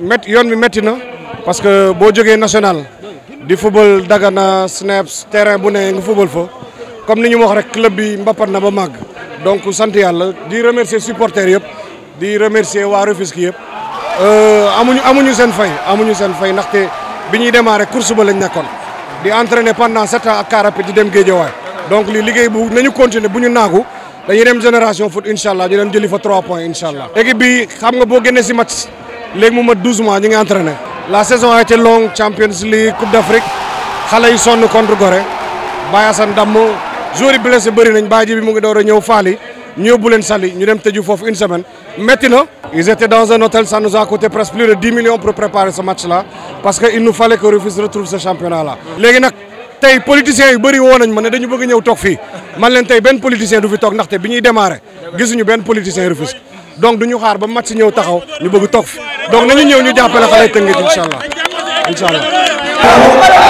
métti yoon bi métti na parce que boo jogee national di football Dagana snaps terrain bu ne nga football fa comme ni ñu wax rek club bi mbappat na ba màgg donc sant yàlla di remercier supporters yëpp di remercier waar Rufisque yëpp euh, amuñu amuñu seen fay amuñu seen fay ndaxte bi ñuy démarrer course ba lañ nekkoon di entraîner pendant sept ans ak car rapide dem Guédiawaye donc li liggéey bu nañu continuer bu ñu naagu dañuy dem génération foot incha allah ñu dem jëli fa trois points incha allah. équipe bi xam nga boo génnee si match. léegi mu mat douze mois ñu ngi entraîné. la saison a été longue Champions League Coupe d'Afrique xale yi sonn contre Gorée Baye Assane damm joueurs yi blessé bëri nañ Baye mu door a ñëw faali ñu yóbbu leen Saly ñu dem tëju foofu une semaine métti na. ils étaient dans un hôtel ça nous a presque plus de dix millions pour préparer match là parce que il nous fallait que Rufisque retrouve ce championnat là. léegi nag tey politiciens yu bëri woo nañ ma ne dañu bëgg ñëw toog fii man leen benn politicien du fi toog ndaxte bi ñuy démarré gisuñu benn politicien donc du ñu xaar ba si ñëw taxaw ñu bëgg toog fi donc nañu ñëw ñu jàppale xale Tëngéej incha allah incha